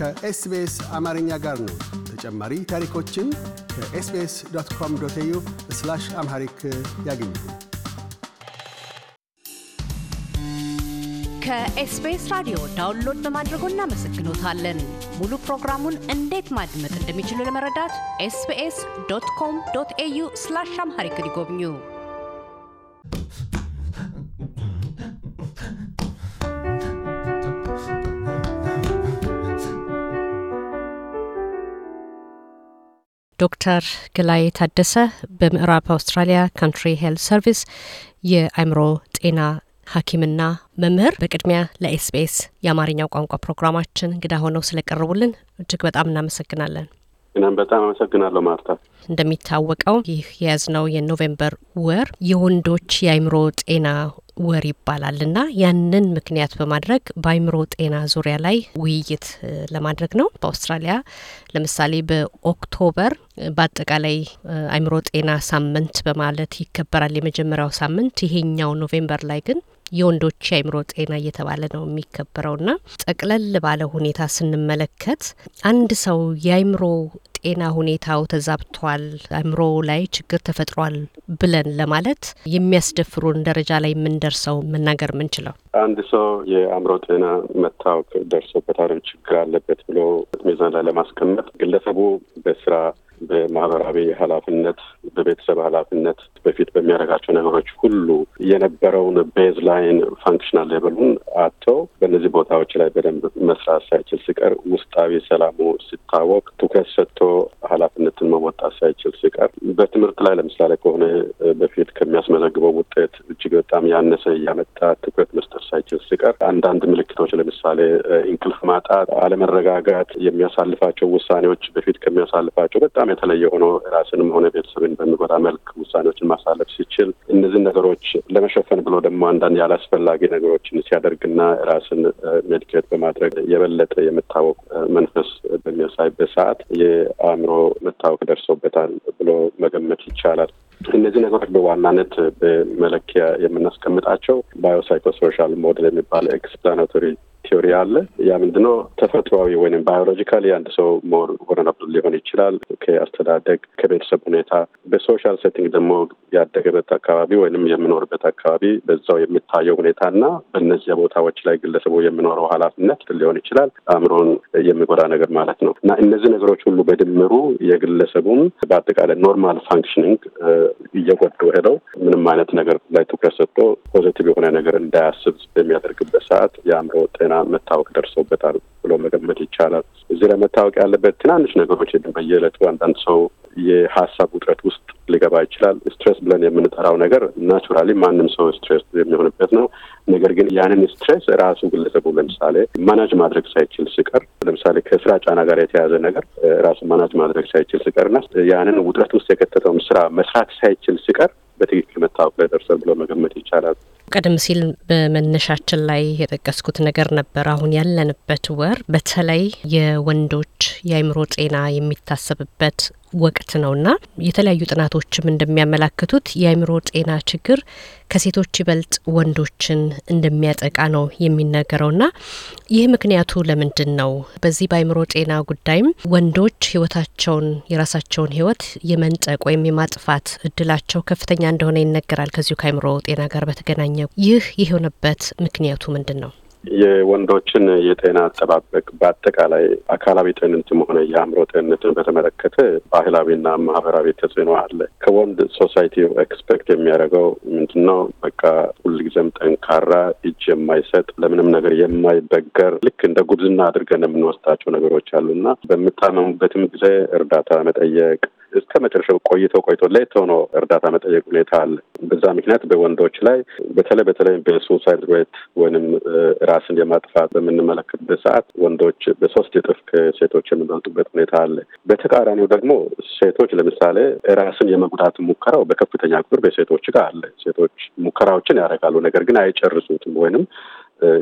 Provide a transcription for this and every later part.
ከኤስቢኤስ አማርኛ ጋር ነው። ተጨማሪ ታሪኮችን ከኤስቢኤስ ዶት ኮም ዶት ዩ ስላሽ አምሃሪክ ያገኙ። ከኤስቢኤስ ራዲዮ ዳውንሎድ በማድረጎ እናመሰግኖታለን። ሙሉ ፕሮግራሙን እንዴት ማድመጥ እንደሚችሉ ለመረዳት ኤስቢኤስ ዶት ኮም ዶት ኤዩ ስላሽ አምሃሪክ ይጎብኙ። ዶክተር ግላይ ታደሰ በምዕራብ አውስትራሊያ ካንትሪ ሄልት ሰርቪስ የአእምሮ ጤና ሐኪምና መምህር በቅድሚያ ለኤስቢኤስ የአማርኛው ቋንቋ ፕሮግራማችን እንግዳ ሆነው ስለቀረቡልን እጅግ በጣም እናመሰግናለን። እናም በጣም አመሰግናለሁ ማርታ። እንደሚታወቀው ይህ የያዝነው የኖቬምበር ወር የወንዶች የአእምሮ ጤና ወር እና ያንን ምክንያት በማድረግ በአይምሮ ጤና ዙሪያ ላይ ውይይት ለማድረግ ነው። በአውስትራሊያ ለምሳሌ በኦክቶበር በአጠቃላይ አይምሮ ጤና ሳምንት በማለት ይከበራል የመጀመሪያው ሳምንት። ይሄኛው ኖቬምበር ላይ ግን የወንዶች አይምሮ ጤና እየተባለ ነው የሚከበረውና ጠቅለል ባለ ሁኔታ ስንመለከት አንድ ሰው የአይምሮ የጤና ሁኔታው ተዛብቷል፣ አእምሮ ላይ ችግር ተፈጥሯል ብለን ለማለት የሚያስደፍሩን ደረጃ ላይ የምንደርሰው መናገር የምንችለው አንድ ሰው የአእምሮ ጤና መታወክ ደርሶበታል፣ ችግር አለበት ብሎ ሚዛን ላይ ለማስቀመጥ ግለሰቡ በስራ በማህበራዊ ኃላፊነት በቤተሰብ ኃላፊነት በፊት በሚያደርጋቸው ነገሮች ሁሉ የነበረውን ቤዝ ላይን ፋንክሽናል ሌበሉን አጥተው በእነዚህ ቦታዎች ላይ በደንብ መስራት ሳይችል ሲቀር ውስጣዊ ሰላሙ ሲታወቅ ትኩረት ሰጥቶ ኃላፊነትን መወጣት ሳይችል ሲቀር በትምህርት ላይ ለምሳሌ ከሆነ በፊት ከሚያስመዘግበው ውጤት እጅግ በጣም ያነሰ እያመጣ ትኩረት መስጠት ሳይችል ሲቀር አንዳንድ ምልክቶች ለምሳሌ እንቅልፍ ማጣት፣ አለመረጋጋት የሚያሳልፋቸው ውሳኔዎች በፊት ከሚያሳልፋቸው በጣም በጣም የተለየ ሆኖ ራስንም ሆነ ቤተሰብን በሚጎዳ መልክ ውሳኔዎችን ማሳለፍ ሲችል እነዚህን ነገሮች ለመሸፈን ብሎ ደግሞ አንዳንድ ያላስፈላጊ ነገሮችን ሲያደርግና ራስን ሜዲኬት በማድረግ የበለጠ የምታወቅ መንፈስ በሚያሳይበት ሰዓት የአእምሮ መታወቅ ደርሶበታል ብሎ መገመት ይቻላል። እነዚህ ነገሮች በዋናነት በመለኪያ የምናስቀምጣቸው ባዮሳይኮሶሻል ሞዴል የሚባል ኤክስፕላናቶሪ ቲዮሪ አለ። ያ ምንድነው ተፈጥሯዊ ወይም ባዮሎጂካል አንድ ሰው ሞር ወረናብዱ ሊሆን ይችላል ከአስተዳደግ ከቤተሰብ ሁኔታ፣ በሶሻል ሴቲንግ ደግሞ ያደገበት አካባቢ ወይም የምኖርበት አካባቢ በዛው የሚታየው ሁኔታ እና በእነዚያ ቦታዎች ላይ ግለሰቡ የሚኖረው ኃላፊነት ሊሆን ይችላል አእምሮን የሚጎዳ ነገር ማለት ነው እና እነዚህ ነገሮች ሁሉ በድምሩ የግለሰቡም በአጠቃላይ ኖርማል ፋንክሽኒንግ እየጎዱ ሄደው ምንም አይነት ነገር ላይ ትኩረት ሰጥቶ ፖዘቲቭ የሆነ ነገር እንዳያስብ በሚያደርግበት ሰዓት የአእምሮ ጤና መታወቅ ደርሶበታል ብሎ መገመት ይቻላል። እዚህ ላይ መታወቅ ያለበት ትናንሽ ነገሮች በየዕለቱ አንዳንድ ሰው የሀሳብ ውጥረት ውስጥ ሊገባ ይችላል። ስትሬስ ብለን የምንጠራው ነገር ናቹራሊ ማንም ሰው ስትሬስ የሚሆንበት ነው። ነገር ግን ያንን ስትሬስ ራሱ ግለሰቡ ለምሳሌ ማናጅ ማድረግ ሳይችል ሲቀር፣ ለምሳሌ ከስራ ጫና ጋር የተያዘ ነገር ራሱ ማናጅ ማድረግ ሳይችል ሲቀርና ያንን ውጥረት ውስጥ የከተተውን ስራ መስራት ሳይችል ሲቀር በትክክል መታወቅ ላይ ደርሰን ብሎ መገመት ይቻላል። ቀደም ሲል በመነሻችን ላይ የጠቀስኩት ነገር ነበር። አሁን ያለንበት ወር በተለይ የወንዶች የአይምሮ ጤና የሚታሰብበት ወቅት ነውና የተለያዩ ጥናቶችም እንደሚያመላክቱት የአእምሮ ጤና ችግር ከሴቶች ይበልጥ ወንዶችን እንደሚያጠቃ ነው የሚነገረውና ይህ ምክንያቱ ለምንድን ነው? በዚህ በአእምሮ ጤና ጉዳይም ወንዶች ህይወታቸውን የራሳቸውን ህይወት የመንጠቅ ወይም የማጥፋት እድላቸው ከፍተኛ እንደሆነ ይነገራል። ከዚሁ ከአእምሮ ጤና ጋር በተገናኘ ይህ የሆነበት ምክንያቱ ምንድን ነው? የወንዶችን የጤና አጠባበቅ በአጠቃላይ አካላዊ ጤንነትም ሆነ የአእምሮ ጤንነትን በተመለከተ ባህላዊና ማህበራዊ ተጽዕኖ አለ። ከወንድ ሶሳይቲ ኤክስፔክት የሚያደርገው ምንድን ነው? በቃ ሁልጊዜም ጠንካራ፣ እጅ የማይሰጥ ለምንም ነገር የማይበገር ልክ እንደ ጉብዝና አድርገን የምንወስዳቸው ነገሮች አሉና በምታመሙበትም ጊዜ እርዳታ መጠየቅ እስከ መጨረሻው ቆይቶ ቆይቶ ለየት ሆኖ እርዳታ መጠየቅ ሁኔታ አለ። በዛ ምክንያት በወንዶች ላይ በተለይ በተለይ በሱሳይድ ሬት ወይም ራስን የማጥፋት በምንመለከትበት ሰዓት ወንዶች በሶስት እጥፍ ከሴቶች የሚበልጡበት ሁኔታ አለ። በተቃራኒው ደግሞ ሴቶች ለምሳሌ ራስን የመጉዳት ሙከራው በከፍተኛ ቁጥር በሴቶች ጋር አለ። ሴቶች ሙከራዎችን ያደርጋሉ፣ ነገር ግን አይጨርሱትም ወይንም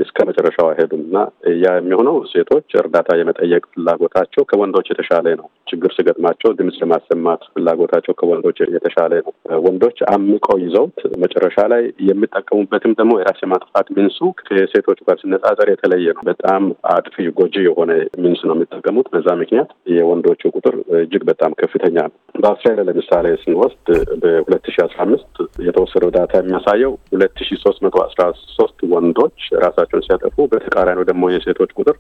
እስከ መጨረሻው አይሄዱም እና ያ የሚሆነው ሴቶች እርዳታ የመጠየቅ ፍላጎታቸው ከወንዶች የተሻለ ነው። ችግር ሲገጥማቸው ድምፅ ለማሰማት ፍላጎታቸው ከወንዶች የተሻለ ነው። ወንዶች አምቀው ይዘውት መጨረሻ ላይ የሚጠቀሙበትም ደግሞ የራስ የማጥፋት ሚንሱ ከሴቶች ጋር ሲነጻጸር የተለየ ነው። በጣም አጥፊ ጎጂ የሆነ ሚንስ ነው የሚጠቀሙት። በዛ ምክንያት የወንዶቹ ቁጥር እጅግ በጣም ከፍተኛ ነው። በአውስትራሊያ ለምሳሌ ስንወስድ በሁለት ሺ አስራ አምስት የተወሰደ ዳታ የሚያሳየው ሁለት ሺ ሶስት መቶ አስራ ሶስት ወንዶች ራሳቸውን ሲያጠፉ በተቃራኒው ደግሞ የሴቶች ቁጥር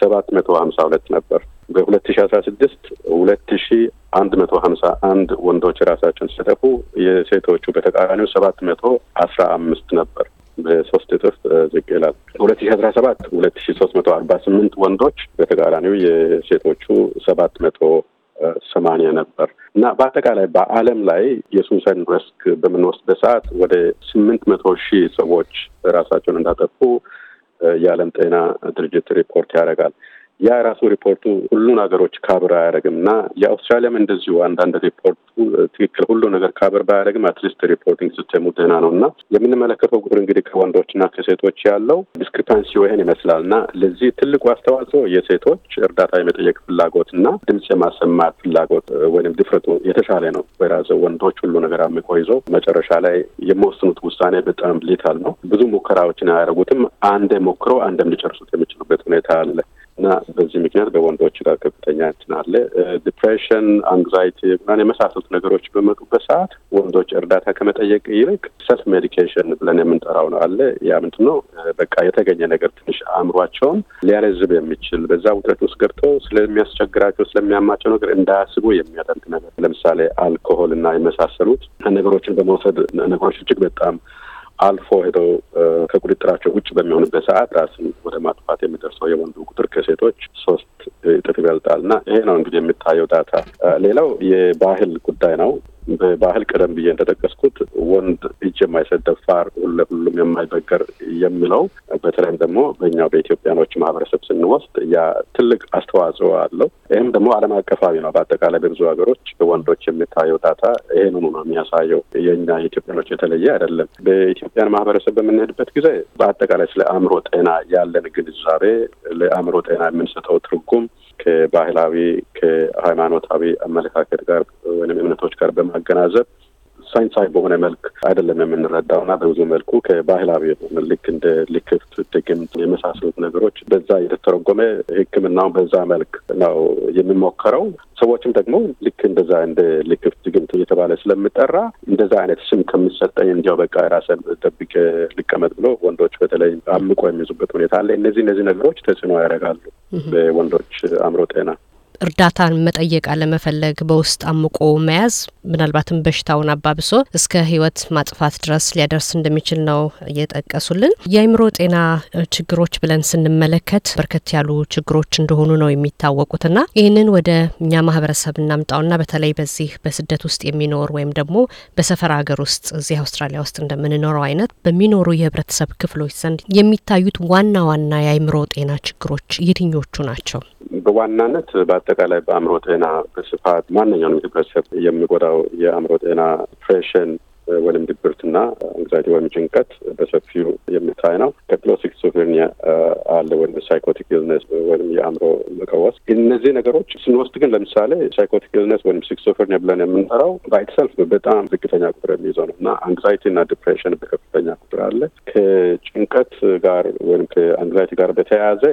ሰባት መቶ ሀምሳ ሁለት ነበር። በሁለት ሺ አስራ ስድስት ሁለት ሺ አንድ መቶ ሀምሳ አንድ ወንዶች ራሳቸውን ሲያጠፉ የሴቶቹ በተቃራኒው ሰባት መቶ አስራ አምስት ነበር። በሶስት እጥፍ ዝቅ ይላል። ሁለት ሺ አስራ ሰባት ሁለት ሺ ሶስት መቶ አርባ ስምንት ወንዶች በተቃራኒው የሴቶቹ ሰባት መቶ ሰማንያ ነበር እና በአጠቃላይ በዓለም ላይ የሱሰን ሪስክ በምንወስድ ሰዓት ወደ ስምንት መቶ ሺህ ሰዎች ራሳቸውን እንዳጠፉ የዓለም ጤና ድርጅት ሪፖርት ያደርጋል። ያ ራሱ ሪፖርቱ ሁሉን ሀገሮች ካብር አያደርግም እና የአውስትራሊያም እንደዚሁ አንዳንድ ሪፖርቱ ትክክል ሁሉ ነገር ካብር ባያደርግም አትሊስት ሪፖርቲንግ ሲስተሙ ደህና ነው እና የምንመለከተው ቁጥር እንግዲህ ከወንዶችና ከሴቶች ያለው ዲስክሪፓንሲ ይህን ይመስላል እና ለዚህ ትልቁ አስተዋጽኦ የሴቶች እርዳታ የመጠየቅ ፍላጎት እና ድምፅ የማሰማት ፍላጎት ወይም ድፍረቱ የተሻለ ነው። ወይራዘ ወንዶች ሁሉ ነገር አምቆ ይዘው መጨረሻ ላይ የሚወስኑት ውሳኔ በጣም ሊታል ነው። ብዙ ሙከራዎችን አያደርጉትም። አንዴ ሞክረው አንዴም ሊጨርሱት የሚችሉበት ሁኔታ አለ። እና በዚህ ምክንያት በወንዶች ጋር ከፍተኛ እንትን አለ። ዲፕሬሽን፣ አንግዛይቲ ምናምን የመሳሰሉት ነገሮች በመጡበት ሰዓት ወንዶች እርዳታ ከመጠየቅ ይልቅ ሰልፍ ሜዲኬሽን ብለን የምንጠራው ነው አለ። ያ ምንድን ነው? በቃ የተገኘ ነገር ትንሽ አእምሯቸውን ሊያለዝብ የሚችል በዛ ውጥረት ውስጥ ገብተው ስለሚያስቸግራቸው ስለሚያማቸው ነገር እንዳያስቡ የሚያደርግ ነገር፣ ለምሳሌ አልኮሆል እና የመሳሰሉት ነገሮችን በመውሰድ ነገሮች እጅግ በጣም አልፎ ሄደው ከቁጥጥራቸው ውጭ በሚሆንበት ሰዓት ራስን ወደ ማጥፋት የሚደርሰው የወንዱ ቁጥር ከሴቶች ሶስት እጥፍ ይበልጣል እና ይሄ ነው እንግዲህ የሚታየው ዳታ። ሌላው የባህል ጉዳይ ነው። በባህል ቀደም ብዬ እንደጠቀስኩት ወንድ እጅ የማይሰጥ ደፋር፣ ለሁሉም የማይበገር የሚለው በተለይም ደግሞ በእኛው በኢትዮጵያኖች ማህበረሰብ ስንወስድ ያ ትልቅ አስተዋጽኦ አለው። ይህም ደግሞ ዓለም አቀፋዊ ነው። በአጠቃላይ በብዙ ሀገሮች ወንዶች የሚታየው ዳታ ይህን ነው የሚያሳየው። የኛ የኢትዮጵያኖች የተለየ አይደለም። በኢትዮጵያን ማህበረሰብ በምንሄድበት ጊዜ በአጠቃላይ ስለ አእምሮ ጤና ያለን ግንዛቤ፣ ለአእምሮ ጤና የምንሰጠው ትርጉም ከባህላዊ ከሃይማኖታዊ አመለካከት ጋር ወይም እምነቶች ጋር በማ በማገናዘብ ሳይንሳዊ በሆነ መልክ አይደለም የምንረዳው እና በብዙ መልኩ ከባህላዊ የሆነ ልክ እንደ ልክፍት፣ ድግምት የመሳሰሉት ነገሮች በዛ የተተረጎመ ሕክምናውን በዛ መልክ ነው የሚሞከረው። ሰዎችም ደግሞ ልክ እንደዛ እንደ ልክፍት፣ ድግምት እየተባለ ስለሚጠራ እንደዛ አይነት ስም ከሚሰጠኝ እንዲያው በቃ ራሰን ጠብቄ ልቀመጥ ብሎ ወንዶች በተለይ አምቆ የሚይዙበት ሁኔታ አለ። እነዚህ እነዚህ ነገሮች ተጽዕኖ ያደርጋሉ በወንዶች አእምሮ ጤና። እርዳታን መጠየቅ አለመፈለግ፣ በውስጥ አምቆ መያዝ ምናልባትም በሽታውን አባብሶ እስከ ህይወት ማጥፋት ድረስ ሊያደርስ እንደሚችል ነው እየጠቀሱልን። የአይምሮ ጤና ችግሮች ብለን ስንመለከት በርከት ያሉ ችግሮች እንደሆኑ ነው የሚታወቁትና ይህንን ወደ እኛ ማህበረሰብ እናምጣውና በተለይ በዚህ በስደት ውስጥ የሚኖር ወይም ደግሞ በሰፈር ሀገር ውስጥ እዚህ አውስትራሊያ ውስጥ እንደምንኖረው አይነት በሚኖሩ የህብረተሰብ ክፍሎች ዘንድ የሚታዩት ዋና ዋና የአእምሮ ጤና ችግሮች የትኞቹ ናቸው? በዋናነት በአጠቃላይ በአእምሮ ጤና በስፋት ማንኛውንም ህብረተሰብ የሚጎዳ ያው የአእምሮ ጤና ዲፕሬሽን ወይም ድብርትና አንግዛይቲ ወይም ጭንቀት በሰፊው የሚታይ ነው። ቀጥሎ ሲክሶፍሬኒያ አለ ወይም ሳይኮቲክ ኢልነስ ወይም የአእምሮ መቀወስ። እነዚህ ነገሮች ስንወስድ ግን ለምሳሌ ሳይኮቲክ ኢልነስ ወይም ሲክሶፍሬኒያ ብለን የምንጠራው ባይትሰልፍ በጣም ዝቅተኛ ቁጥር የሚይዘው ነው እና አንግዛይቲ እና ዲፕሬሽን በከፍተኛ ቁጥር አለ። ከጭንቀት ጋር ወይም ከአንግዛይቲ ጋር በተያያዘ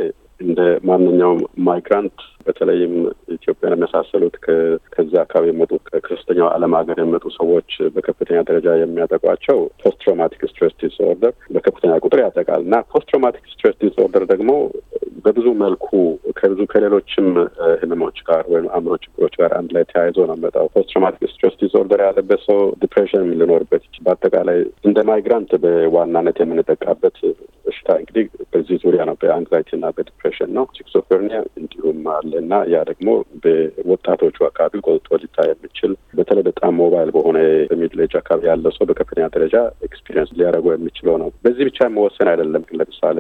እንደ ማንኛውም ማይግራንት በተለይም ኢትዮጵያን የመሳሰሉት ከዛ አካባቢ የመጡ ከክርስተኛው ዓለም ሀገር የመጡ ሰዎች በከፍተኛ ደረጃ የሚያጠቋቸው ፖስት ትራውማቲክ ስትሬስ ዲስኦርደር በከፍተኛ ቁጥር ያጠቃል እና ፖስት ትራውማቲክ ስትሬስ ዲስኦርደር ደግሞ በብዙ መልኩ ከብዙ ከሌሎችም ህመሞች ጋር ወይም አእምሮ ችግሮች ጋር አንድ ላይ ተያይዞ ነው መጣው። ፖስት ትራውማቲክ ዲስኦርደር ያለበት ሰው ዲፕሬሽን ሊኖርበት፣ በአጠቃላይ እንደ ማይግራንት በዋናነት የምንጠቃበት በሽታ እንግዲህ በዚህ ዙሪያ ነው፣ በአንግዛይቲ እና በዲፕሬሽን ነው። ሲክሶፈርኒያ እንዲሁም አለ እና ያ ደግሞ በወጣቶቹ አካባቢ ጎልቶ ሊታይ የሚችል በተለይ በጣም ሞባይል በሆነ በሚድል ኤጅ አካባቢ ያለ ሰው በከፍተኛ ደረጃ ኤክስፒሪየንስ ሊያደርጉ የሚችለው ነው። በዚህ ብቻ መወሰን አይደለም። ለምሳሌ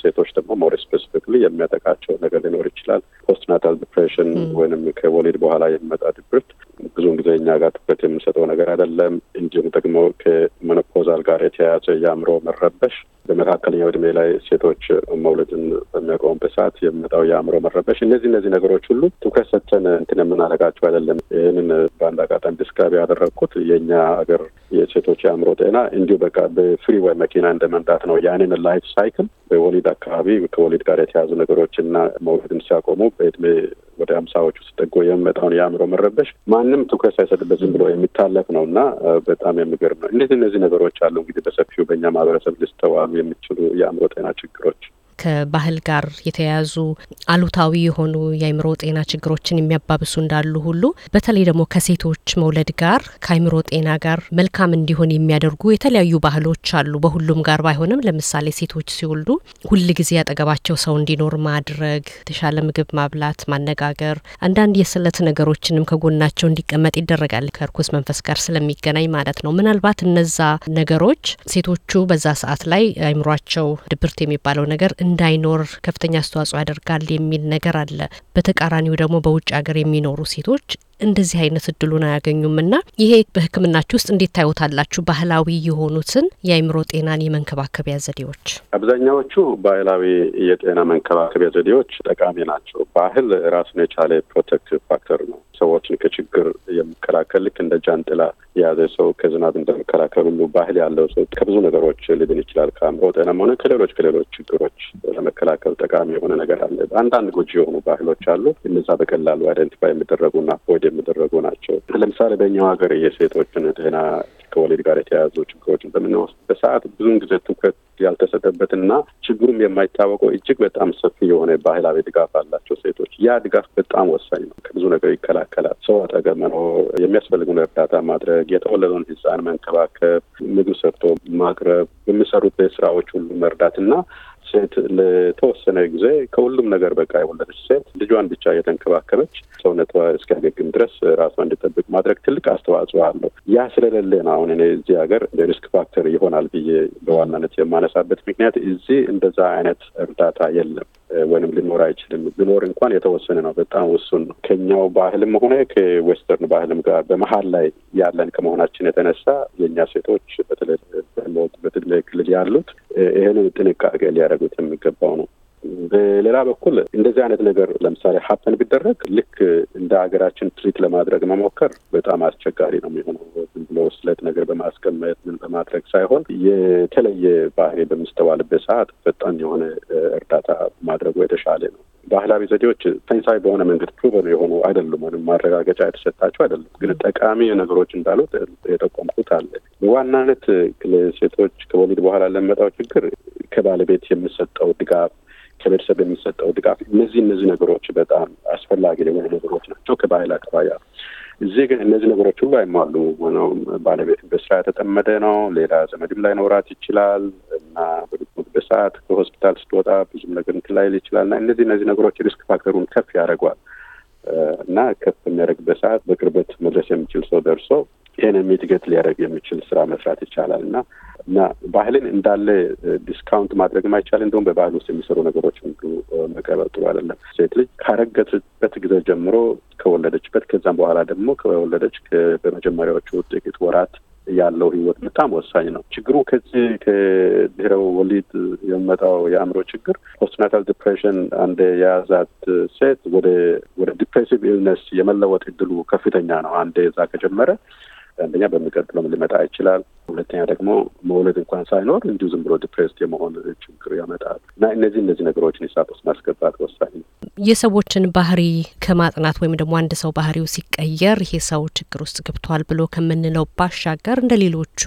ሴቶች ደግሞ ሞር ስፔሲፊክሊ የሚያጠቃቸው ነገር ሊኖር ይችላል። ፖስትናታል ዲፕሬሽን ወይንም ከወሊድ በኋላ የሚመጣ ድብርት ብዙውን ጊዜ እኛ ጋር ትኩረት የምንሰጠው ነገር አይደለም። እንዲሁም ደግሞ ከመኖፖዛል ጋር የተያያዘ የአእምሮ መረበሽ በመካከለኛ እድሜ ላይ ሴቶች መውለድን በሚያቆሙበት ሰዓት የሚመጣው የአእምሮ መረበሽ፣ እነዚህ እነዚህ ነገሮች ሁሉ ትኩረት ሰጥተን እንትን የምናደርጋቸው አይደለም። ይህንን በአንድ አጋጣሚ ዲስካቢ ያደረግኩት የእኛ አገር የሴቶች የአእምሮ ጤና እንዲሁ በቃ በፍሪ ወይ መኪና እንደ መንዳት ነው። ያንን ላይፍ ሳይክል በወሊድ አካባቢ ከወሊድ ጋር የተያዙ ነገሮችና መውለድን ሲያቆሙ በእድሜ ወደ ሀምሳዎቹ ሲጠጉ የሚመጣውን የአእምሮ መረበሽ ማንም ትኩረት ሳይሰጥበት ዝም ብሎ የሚታለፍ ነው እና በጣም የሚገርም ነው። እንዴት እነዚህ ነገሮች አሉ እንግዲህ በሰፊው በእኛ ማህበረሰብ ሊስተዋሉ የሚችሉ የአእምሮ ጤና ችግሮች ከባህል ጋር የተያያዙ አሉታዊ የሆኑ የአይምሮ ጤና ችግሮችን የሚያባብሱ እንዳሉ ሁሉ በተለይ ደግሞ ከሴቶች መውለድ ጋር ከአይምሮ ጤና ጋር መልካም እንዲሆን የሚያደርጉ የተለያዩ ባህሎች አሉ። በሁሉም ጋር ባይሆንም፣ ለምሳሌ ሴቶች ሲወልዱ ሁል ጊዜ ያጠገባቸው ሰው እንዲኖር ማድረግ፣ የተሻለ ምግብ ማብላት፣ ማነጋገር፣ አንዳንድ የስለት ነገሮችንም ከጎናቸው እንዲቀመጥ ይደረጋል። ከእርኩስ መንፈስ ጋር ስለሚገናኝ ማለት ነው። ምናልባት እነዛ ነገሮች ሴቶቹ በዛ ሰዓት ላይ አይምሯቸው ድብርት የሚባለው ነገር እንዳይኖር ከፍተኛ አስተዋጽኦ ያደርጋል የሚል ነገር አለ። በተቃራኒው ደግሞ በውጭ ሀገር የሚኖሩ ሴቶች እንደዚህ አይነት እድሉን አያገኙም ና ይሄ በህክምናችሁ ውስጥ እንዴት ታዩታላችሁ? ባህላዊ የሆኑትን የአይምሮ ጤናን የመንከባከቢያ ዘዴዎች። አብዛኛዎቹ ባህላዊ የጤና መንከባከቢያ ዘዴዎች ጠቃሚ ናቸው። ባህል ራሱን የቻለ ፕሮቴክቲቭ ፋክተር ነው። ሰዎችን ከችግር የሚከላከል ልክ እንደ ጃንጥላ የያዘ ሰው ከዝናብ እንደሚከላከል ሁሉ ባህል ያለው ሰው ከብዙ ነገሮች ሊድን ይችላል። ከአእምሮ ጤናም ሆነ ከሌሎች ከሌሎች ችግሮች ለመከላከል ጠቃሚ የሆነ ነገር አለ። አንዳንድ ጎጂ የሆኑ ባህሎች አሉ። እነዛ በቀላሉ አይደንቲፋይ የሚደረጉና ፎይድ የሚደረጉ ናቸው። ለምሳሌ በእኛው ሀገር የሴቶችን ጤና ከወሊድ ጋር የተያያዙ ችግሮችን በምንወስድበት ሰዓት ብዙውን ጊዜ ትኩረት ያልተሰጠበትና ችግሩም የማይታወቀው እጅግ በጣም ሰፊ የሆነ ባህላዊ ድጋፍ አላቸው ሴቶች። ያ ድጋፍ በጣም ወሳኝ ነው። ከብዙ ነገር ይከላከላል። ሰው አጠገብ መኖር፣ የሚያስፈልጉን እርዳታ ማድረግ፣ የተወለደውን ሕፃን መንከባከብ፣ ምግብ ሰርቶ ማቅረብ፣ የሚሰሩት ስራዎች ሁሉ መርዳት እና ሴት ለተወሰነ ጊዜ ከሁሉም ነገር በቃ የወለደች ሴት ልጇን ብቻ እየተንከባከበች ሰውነቷ እስኪያገግም ድረስ ራሷ እንድጠብቅ ማድረግ ትልቅ አስተዋጽኦ አለው። ያ ስለሌለ ነው አሁን እኔ እዚህ ሀገር ሪስክ ፋክተር ይሆናል ብዬ በዋናነት የማነሳበት ምክንያት እዚህ እንደዛ አይነት እርዳታ የለም። ወይም ሊኖር አይችልም። ቢኖር እንኳን የተወሰነ ነው፣ በጣም ውሱን ነው። ከኛው ባህልም ሆነ ከዌስተርን ባህልም ጋር በመሀል ላይ ያለን ከመሆናችን የተነሳ የእኛ ሴቶች በተለይ በትግራይ ክልል ያሉት ይህንን ጥንቃቄ ሊያደርጉት የሚገባው ነው። በሌላ በኩል እንደዚህ አይነት ነገር ለምሳሌ ሀፕን ቢደረግ ልክ እንደ ሀገራችን ትሪት ለማድረግ መሞከር በጣም አስቸጋሪ ነው የሚሆነው። ዝም ብሎ ስለት ነገር በማስቀመጥ ምን በማድረግ ሳይሆን የተለየ ባህሪ በሚስተዋልበት ሰዓት ፈጣን የሆነ እርዳታ ማድረጉ የተሻለ ነው። ባህላዊ ዘዴዎች ሳይንሳዊ በሆነ መንገድ ፕሩቨን የሆኑ አይደሉም፣ ወይም ማረጋገጫ የተሰጣቸው አይደሉም። ግን ጠቃሚ ነገሮች እንዳሉት የጠቆምኩት አለ። ዋናነት ለሴቶች ከወሊድ በኋላ ለመጣው ችግር ከባለቤት የሚሰጠው ድጋፍ ከቤተሰብ የሚሰጠው ድጋፍ እነዚህ እነዚህ ነገሮች በጣም አስፈላጊ የሆኑ ነገሮች ናቸው። ከባህል አቀባያ እዚህ ግን እነዚህ ነገሮች ሁሉ አይሟሉ። ሆነው ባለቤት በስራ የተጠመደ ነው። ሌላ ዘመድም ላይኖራት ይችላል እና በሰዓት ከሆስፒታል ስትወጣ ብዙም ነገር እንትን ላይል ይችላል እና እነዚህ እነዚህ ነገሮች ሪስክ ፋክተሩን ከፍ ያደርገዋል። እና ከፍ የሚያደርግበት ሰዓት በቅርበት መድረስ የሚችል ሰው ደርሶ ይህን ሚቲጌት ሊያደርግ የሚችል ስራ መስራት ይቻላል እና እና ባህልን እንዳለ ዲስካውንት ማድረግ ማይቻል፣ እንደውም በባህል ውስጥ የሚሰሩ ነገሮች ሁሉ መቀበል ጥሩ አይደለም። ሴት ልጅ ካረገችበት ጊዜ ጀምሮ ከወለደችበት፣ ከዛም በኋላ ደግሞ ከወለደች በመጀመሪያዎቹ ጥቂት ወራት ያለው ህይወት በጣም ወሳኝ ነው። ችግሩ ከዚህ ከድህረ ወሊድ የሚመጣው የአእምሮ ችግር ፖስትናታል ዲፕሬሽን አንድ የያዛት ሴት ወደ ወደ ዲፕሬሲቭ ኢልነስ የመለወጥ እድሉ ከፍተኛ ነው። አንድ እዛ ከጀመረ አንደኛ በሚቀጥለውም ሊመጣ ይችላል። ሁለተኛ ደግሞ መውለድ እንኳን ሳይኖር እንዲሁ ዝም ብሎ ዲፕሬስድ የመሆን ችግር ያመጣል እና እነዚህ እነዚህ ነገሮችን ሂሳብ ውስጥ ማስገባት ወሳኝ ነው። የሰዎችን ባህሪ ከማጥናት ወይም ደግሞ አንድ ሰው ባህሪው ሲቀየር ይሄ ሰው ችግር ውስጥ ገብቷል ብሎ ከምንለው ባሻገር እንደ ሌሎቹ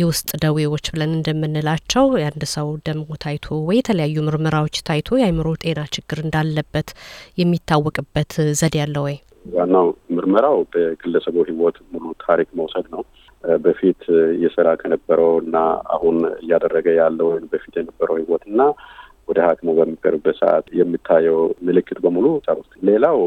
የውስጥ ደዌዎች ብለን እንደምንላቸው የአንድ ሰው ደሞ ታይቶ ወይ የተለያዩ ምርመራዎች ታይቶ የአእምሮ ጤና ችግር እንዳለበት የሚታወቅበት ዘዴ አለ ወይ? ዋናው ምርመራው በግለሰቡ ህይወት ሙሉ ታሪክ መውሰድ ነው። በፊት የሰራ ከነበረው እና አሁን እያደረገ ያለው በፊት የነበረው ህይወት እና ወደ ሐኪሙ በሚቀርብበት ሰዓት የምታየው ምልክት በሙሉ ጸሩት። ሌላው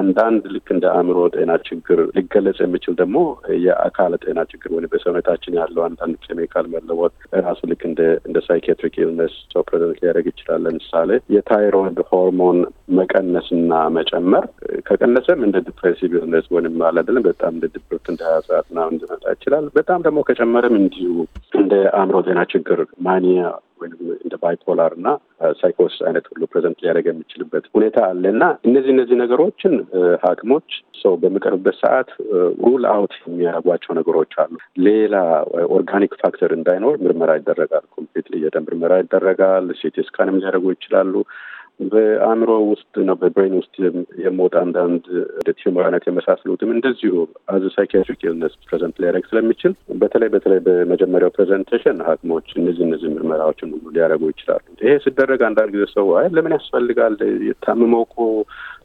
አንዳንድ ልክ እንደ አእምሮ ጤና ችግር ሊገለጽ የሚችል ደግሞ የአካል ጤና ችግር ወይም በሰውነታችን ያለው አንዳንድ ኬሚካል መለወጥ ራሱ ልክ እንደ ሳይኬትሪክ ኢልነስ ሰው ፕሬዘንት ሊያደርግ ይችላል። ለምሳሌ የታይሮይድ ሆርሞን መቀነስና መጨመር ከቀነሰም እንደ ዲፕሬሲቭ ኢልነስ ወይም አይደለም በጣም እንደ ድብርት እንደ ሀያ ሰዓት ምናምን ሊመጣ ይችላል። በጣም ደግሞ ከጨመረም እንዲሁ እንደ አእምሮ ጤና ችግር ማኒያ ወይም እንደ ባይፖላር እና ሳይኮስ አይነት ሁሉ ፕሬዘንት ሊያደርግ የሚችልበት ሁኔታ አለ እና እነዚህ እነዚህ ነገሮችን ሐኪሞች ሰው በሚቀርብበት ሰዓት ሩል አውት የሚያደርጓቸው ነገሮች አሉ። ሌላ ኦርጋኒክ ፋክተር እንዳይኖር ምርመራ ይደረጋል። ኮምፕሊትሊ የደም ምርመራ ይደረጋል። ሲቲ ስካንም ሊያደርጉ ይችላሉ። በአእምሮ ውስጥ ነው በብሬን ውስጥ የሞት አንዳንድ እንደ ቲዩመር አይነት የመሳሰሉትም እንደዚሁ አዝ ሳይኪያትሪክ ኢልነስ ፕሬዘንት ሊያደረግ ስለሚችል በተለይ በተለይ በመጀመሪያው ፕሬዘንቴሽን ሐኪሞች እነዚህ እነዚህ ምርመራዎችን ሁሉ ሊያደረጉ ይችላሉ። ይሄ ሲደረግ አንዳንድ ጊዜ ሰው አይ ለምን ያስፈልጋል የታምመው እኮ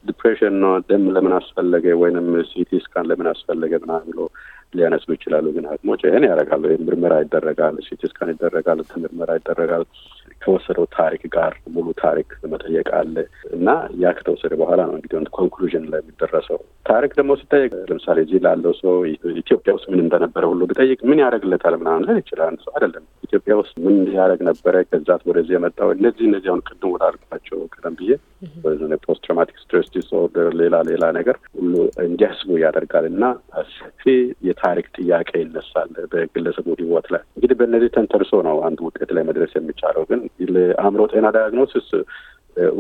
ዲፕሬሽን ነው ደም ለምን አስፈለገ ወይንም ሲቲ ስካን ለምን አስፈለገ ምናምን ብሎ ሊያነሱ ይችላሉ። ግን ሐኪሞች ይህን ያደርጋሉ። ይህ ምርመራ ይደረጋል፣ ሲቲ ስካን ይደረጋል፣ ምርመራ ይደረጋል። ከወሰደው ታሪክ ጋር ሙሉ ታሪክ መጠየቅ አለ እና ያ ከተወሰደ በኋላ ነው እንግዲህ ኮንክሉዥን ላይ የሚደረሰው። ታሪክ ደግሞ ሲጠየቅ ለምሳሌ እዚህ ላለው ሰው ኢትዮጵያ ውስጥ ምን እንደነበረ ሁሉ ብጠይቅ ምን ያደርግለታል ምናምን ላይ ይችላል። አንድ ሰው አይደለም ኢትዮጵያ ውስጥ ምን ያደርግ ነበረ ከዛት ወደዚህ የመጣው እነዚህ እነዚህ አሁን ቅድም ወዳልኳቸው ቀደም ብዬ ፖስት ትራማቲክ ስትሬስ ዲስኦርደር ሌላ ሌላ ነገር ሁሉ እንዲያስቡ ያደርጋል እና ሰፊ የታሪክ ጥያቄ ይነሳል በግለሰቡ ህይወት ላይ። እንግዲህ በእነዚህ ተንተርሶ ነው አንድ ውጤት ላይ መድረስ የሚቻለው። ግን ለአእምሮ ጤና ዳያግኖሲስ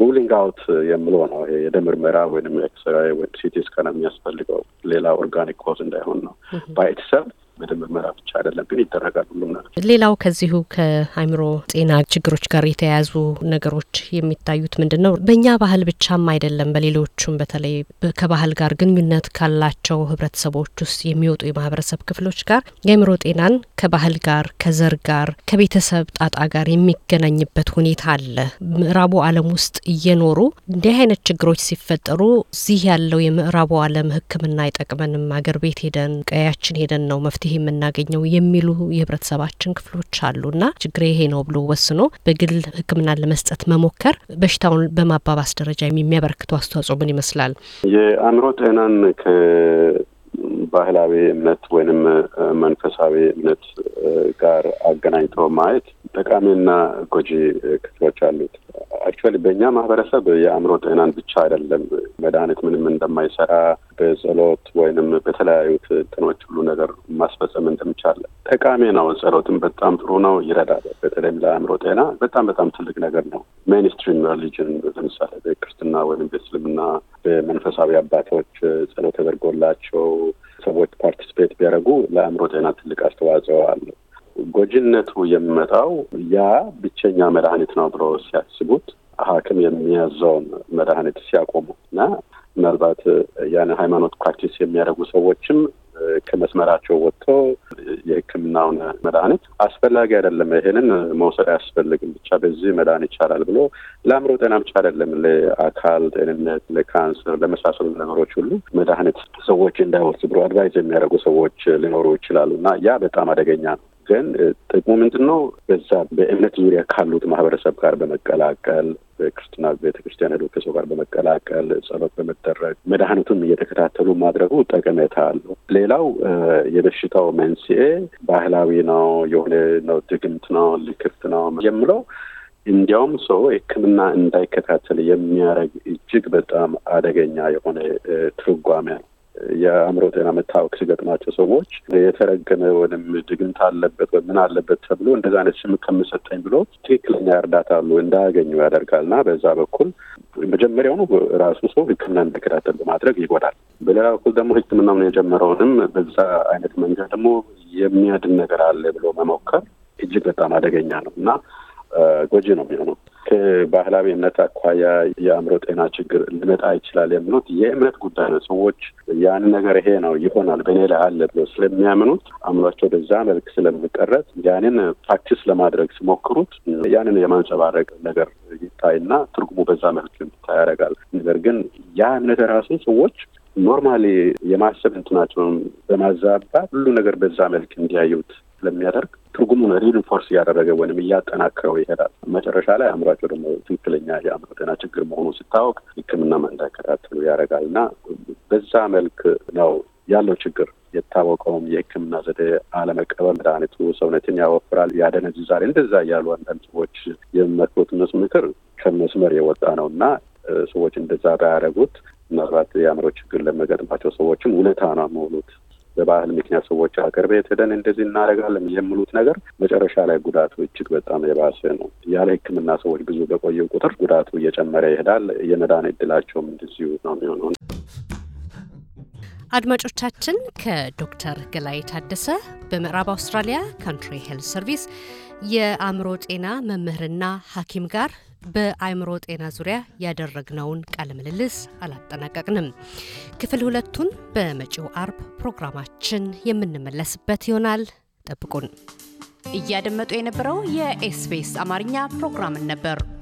ሩሊንግ አውት የምለው ነው የደም ምርመራ ወይም ኤክስራይ ወይም ሲቲ ስካን የሚያስፈልገው ሌላ ኦርጋኒክ ኮዝ እንዳይሆን ነው ባይ ኢትሰልፍ ምድብ ምርመራ ብቻ አይደለም ግን ይደረጋል ሁሉም ነገር። ሌላው ከዚሁ ከአእምሮ ጤና ችግሮች ጋር የተያያዙ ነገሮች የሚታዩት ምንድን ነው? በእኛ ባህል ብቻም አይደለም፣ በሌሎቹም በተለይ ከባህል ጋር ግንኙነት ካላቸው ህብረተሰቦች ውስጥ የሚወጡ የማህበረሰብ ክፍሎች ጋር የአይምሮ ጤናን ከባህል ጋር ከዘር ጋር ከቤተሰብ ጣጣ ጋር የሚገናኝበት ሁኔታ አለ። ምዕራቡ ዓለም ውስጥ እየኖሩ እንዲህ አይነት ችግሮች ሲፈጠሩ እዚህ ያለው የምዕራቡ ዓለም ሕክምና አይጠቅመንም፣ አገር ቤት ሄደን ቀያችን ሄደን ነው መፍትሄ መፍትሄ የምናገኘው የሚሉ የህብረተሰባችን ክፍሎች አሉና ችግር ይሄ ነው ብሎ ወስኖ በግል ህክምና ለመስጠት መሞከር በሽታውን በማባባስ ደረጃ የሚያበረክተው አስተዋጽኦ ምን ይመስላል? የአእምሮ ጤናን ባህላዊ እምነት ወይንም መንፈሳዊ እምነት ጋር አገናኝቶ ማየት ጠቃሚና ጎጂ ክፍሎች አሉት። አክቹዋሊ በእኛ ማህበረሰብ የአእምሮ ጤናን ብቻ አይደለም መድኃኒት ምንም እንደማይሰራ በጸሎት ወይንም በተለያዩ እንትኖች ሁሉ ነገር ማስፈጸም እንደምቻለ ጠቃሚ ነው። ጸሎትን በጣም ጥሩ ነው፣ ይረዳል። በተለይም ለአእምሮ ጤና በጣም በጣም ትልቅ ነገር ነው። ሜንስትሪም ሪሊጅን ለምሳሌ በክርስትና ወይም በእስልምና በመንፈሳዊ አባቶች ጸሎት ተደርጎላቸው ሰዎች ፓርቲስፔት ቢያደርጉ ለአእምሮ ጤና ትልቅ አስተዋጽኦ አለው። ጎጂነቱ የሚመጣው ያ ብቸኛ መድኃኒት ነው ብሎ ሲያስቡት ሐኪም የሚያዘውን መድኃኒት ሲያቆሙ እና ምናልባት ያን ሃይማኖት ፕራክቲስ የሚያደርጉ ሰዎችም ከመስመራቸው ወጥቶ የሕክምናውን መድኃኒት አስፈላጊ አይደለም፣ ይሄንን መውሰድ አያስፈልግም፣ ብቻ በዚህ መድኃኒት ይቻላል ብሎ ለአእምሮ ጤና ብቻ አይደለም ለአካል ጤንነት፣ ለካንሰር፣ ለመሳሰሉ ነገሮች ሁሉ መድኃኒት ሰዎች እንዳይወስድ ብሎ አድቫይዝ የሚያደርጉ ሰዎች ሊኖሩ ይችላሉ እና ያ በጣም አደገኛ ነው። ግን ጥቅሙ ምንድን ነው? በዛ በእምነት ዙሪያ ካሉት ማህበረሰብ ጋር በመቀላቀል በክርስትና ቤተክርስቲያን ሄዶ ከሰው ጋር በመቀላቀል ጸሎት በመደረግ መድኃኒቱም እየተከታተሉ ማድረጉ ጠቀሜታ አለው። ሌላው የበሽታው መንስኤ ባህላዊ ነው፣ የሆነ ነው፣ ድግምት ነው፣ ልክፍት ነው የምለው እንዲያውም ሰው ሕክምና እንዳይከታተል የሚያደርግ እጅግ በጣም አደገኛ የሆነ ትርጓሜ ነው። የአእምሮ ጤና መታወክ ሲገጥማቸው ሰዎች የተረገመ ወይም ድግምት አለበት ወይ ምን አለበት ተብሎ እንደዛ አይነት ስም ከምሰጠኝ ብሎ ትክክለኛ እርዳታ አሉ እንዳያገኙ ያደርጋል እና በዛ በኩል መጀመሪያውኑ ራሱ ሰው ሕክምና እንዲከታተል በማድረግ ይጎዳል። በሌላ በኩል ደግሞ ሕክምናውን የጀመረውንም በዛ አይነት መንገድ ደግሞ የሚያድን ነገር አለ ብሎ መሞከር እጅግ በጣም አደገኛ ነው እና ጎጂ ነው የሚሆነው። ከባህላዊ እምነት አኳያ የአእምሮ ጤና ችግር ሊመጣ ይችላል የሚሉት የእምነት ጉዳይ ነው። ሰዎች ያን ነገር ይሄ ነው ይሆናል በእኔ ላይ አለ ስለሚያምኑት አእምሯቸው በዛ መልክ ስለሚቀረጽ ያንን ፕራክቲስ ለማድረግ ሲሞክሩት ያንን የማንጸባረቅ ነገር ይታይና ትርጉሙ በዛ መልክ ይታይ ያደርጋል። ነገር ግን ያ እምነት ራሱ ሰዎች ኖርማሊ የማሰብ እንትናቸውን በማዛባት ሁሉ ነገር በዛ መልክ እንዲያዩት ስለሚያደርግ ትርጉሙን ሪንፎርስ እያደረገ ወይም እያጠናከረው ይሄዳል። መጨረሻ ላይ አእምሯቸው ደግሞ ትክክለኛ የአእምሮ ጤና ችግር መሆኑ ሲታወቅ ሕክምና እንዳይከታተሉ ያደርጋል እና በዛ መልክ ነው ያለው ችግር የታወቀውም የህክምና ዘዴ አለመቀበል መድኃኒቱ ሰውነትን ያወፍራል፣ ዛሬ እንደዛ እያሉ አንዳንድ ሰዎች የሚመክሩት ምክር ከመስመር የወጣ ነው እና ሰዎች እንደዛ ባያደረጉት ምናልባት የአእምሮ ችግር ለሚገጥማቸው ሰዎችም ውለታ ነው የሚውሉት። በባህል ምክንያት ሰዎች ሀገር ቤት ሄደን እንደዚህ እናደርጋለን የሚሉት ነገር መጨረሻ ላይ ጉዳቱ እጅግ በጣም የባሰ ነው። ያለ ሕክምና ሰዎች ብዙ በቆየ ቁጥር ጉዳቱ እየጨመረ ይሄዳል። የመዳን እድላቸውም እንደዚሁ ነው የሚሆነው። አድማጮቻችን ከዶክተር ገላይ ታደሰ በምዕራብ አውስትራሊያ ካንትሪ ሄልት ሰርቪስ የአእምሮ ጤና መምህርና ሐኪም ጋር በአእምሮ ጤና ዙሪያ ያደረግነውን ቃለ ምልልስ አላጠናቀቅንም። ክፍል ሁለቱን በመጪው አርብ ፕሮግራማችን የምንመለስበት ይሆናል። ጠብቁን። እያደመጡ የነበረው የኤስቢኤስ አማርኛ ፕሮግራምን ነበር።